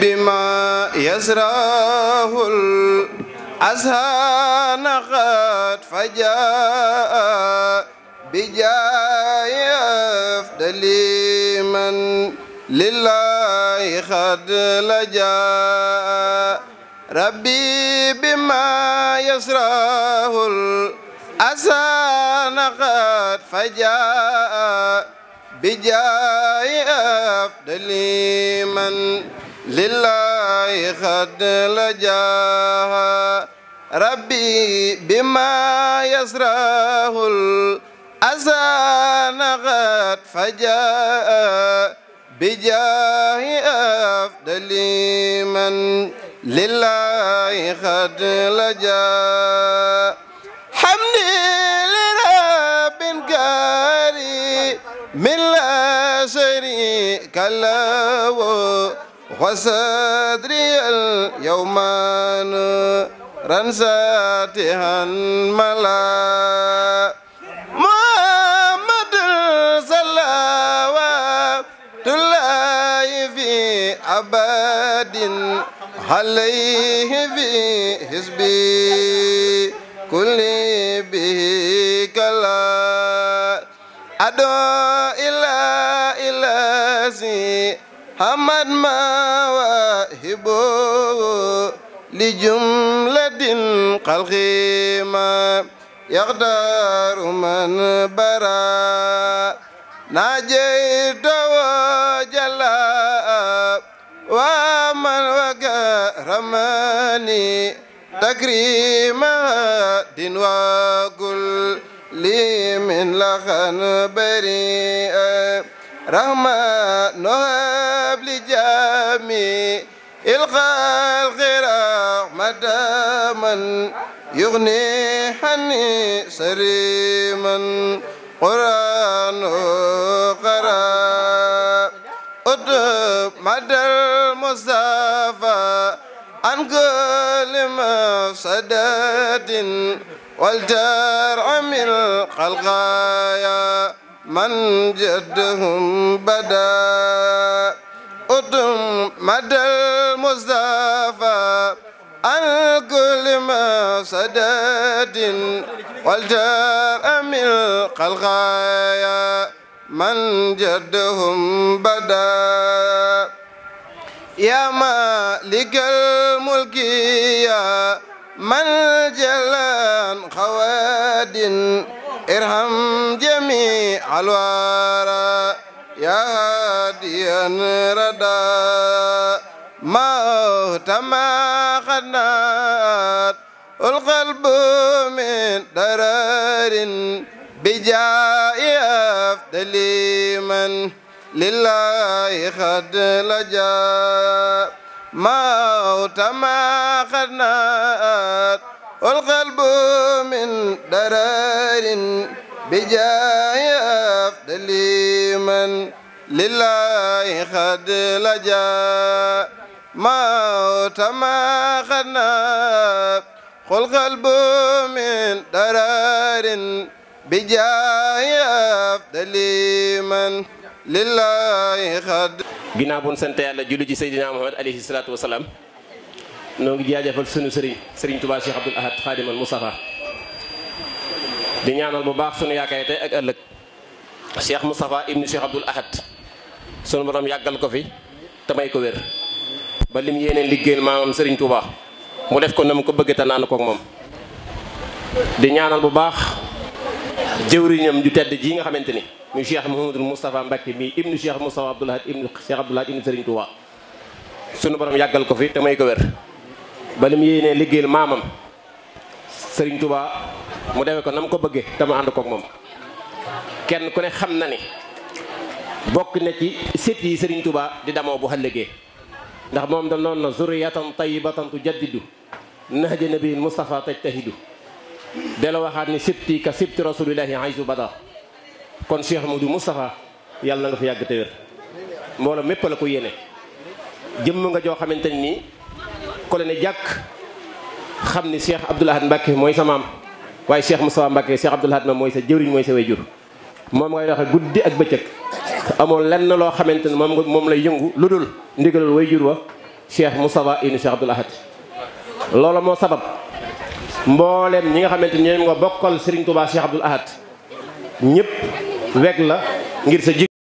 بما يزراه الأذهان قد فجاء بجاي أفضل من لله قد لجأ ربي بما يزراه الأذهان قد فجاء بجاي أفضل من لله قد لجاها ربي بما يسره الأزان قد فجاء بجاه أفضل من لله قد لجا حمدي لرب قاري من لا شريك له وصدري اليومان رنساتها ملا محمد صلوات الله في أبد عليه في حزبي كل به كلا أدعو إلى إلى hamad ma waahibo li jumlatin xalqi ma man bara najeyto wo jalla wa man wakaramani wa kul li min laxan bari رحمة نهب لجميع الخلق رحمة من يغني حني سريما قرآن قرأ أدب مدى المصطفى عن كل مفسدة والجرع من الخلقايا من جدهم بدا أدم مدى المصطفى عن كل ما سداد والجاء من القلغايا من جدهم بدا يا مالك الملك يا من جلان خواد ارحم جميع الورى يا هاديا ردا موت ما خنات القلب من درر بجاء أفضل من لله قد لجا موت ما خنات والقلب من درار بجاه أفضل من لله قد لجا موت ما قد ناب قل قلب من درار بجاه أفضل من لله قد ginnaaw bu ñu sant yàlla julli ci Seydina Muhammad alayhi salaatu wa salaam noo ngi jaajëfal sunu sëriñ sëriñ Touba Cheikh Abdoul Ahad Khadimal Moustapha di ñaanal bu baax sunu yaakaar tey ak ëllëg Cheikh Moustapha ibnu Cheikh Abdoul Ahad sunu borom yàggal ko fi te may ba lim yéeneen liggéeyal maamam sëriñ Touba mu def na mu ko bëgg te naan koog moom di bu baax jëwriñam ju tedd ji nga xamante ni muy Cheikh Mouhamadou Moustapha Mbacke mii ibnu Cheikh Moustapha Abdoul Ahad ibnu Cheikh Abdoul Ahad ibnu sëriñ sunu borom yàggal ko fi te may ko wér ba li mu yéenee liggéeyal maamam Serigne Touba mu defe ko na mu ko bëggee te mu ànd koog moom kenn ku ne xam na ni bokk na ci sët yi Serigne Touba di damoo bu xëllëgee ndax moom da noon na zuriyatan tayyibatan tujaddidu nahja nabiyin Mustafa tajtahidu delloo waxaat ni sibti ka sibti rasulillahi aysu bada kon Cheikh Modou Moustapha yàlla na nga fi yàgg te wér mbooloo mépp yéene jëmm nga joo xamante ni ku la ne jàkk xam ni Cheikh Abdoul Ahad Mbacke mooy sa maam waaye Cheikh Moustapha Mbacke Cheikh Abdoul Ahad ma mooy sa jëwriñ mooy sa way jur moom ngay doxe guddi ak bëccëg amoon lenn loo xamante ne moom moom lay yëngu lu dul ndigalul way jur wa Cheikh Moustapha inu Cheikh Abdoul Ahad loolu moo sabab mboolem ñi nga xamante ni ñoom nga bokkal Serigne Touba Cheikh Abdoul Ahad ñëpp weg la ngir sa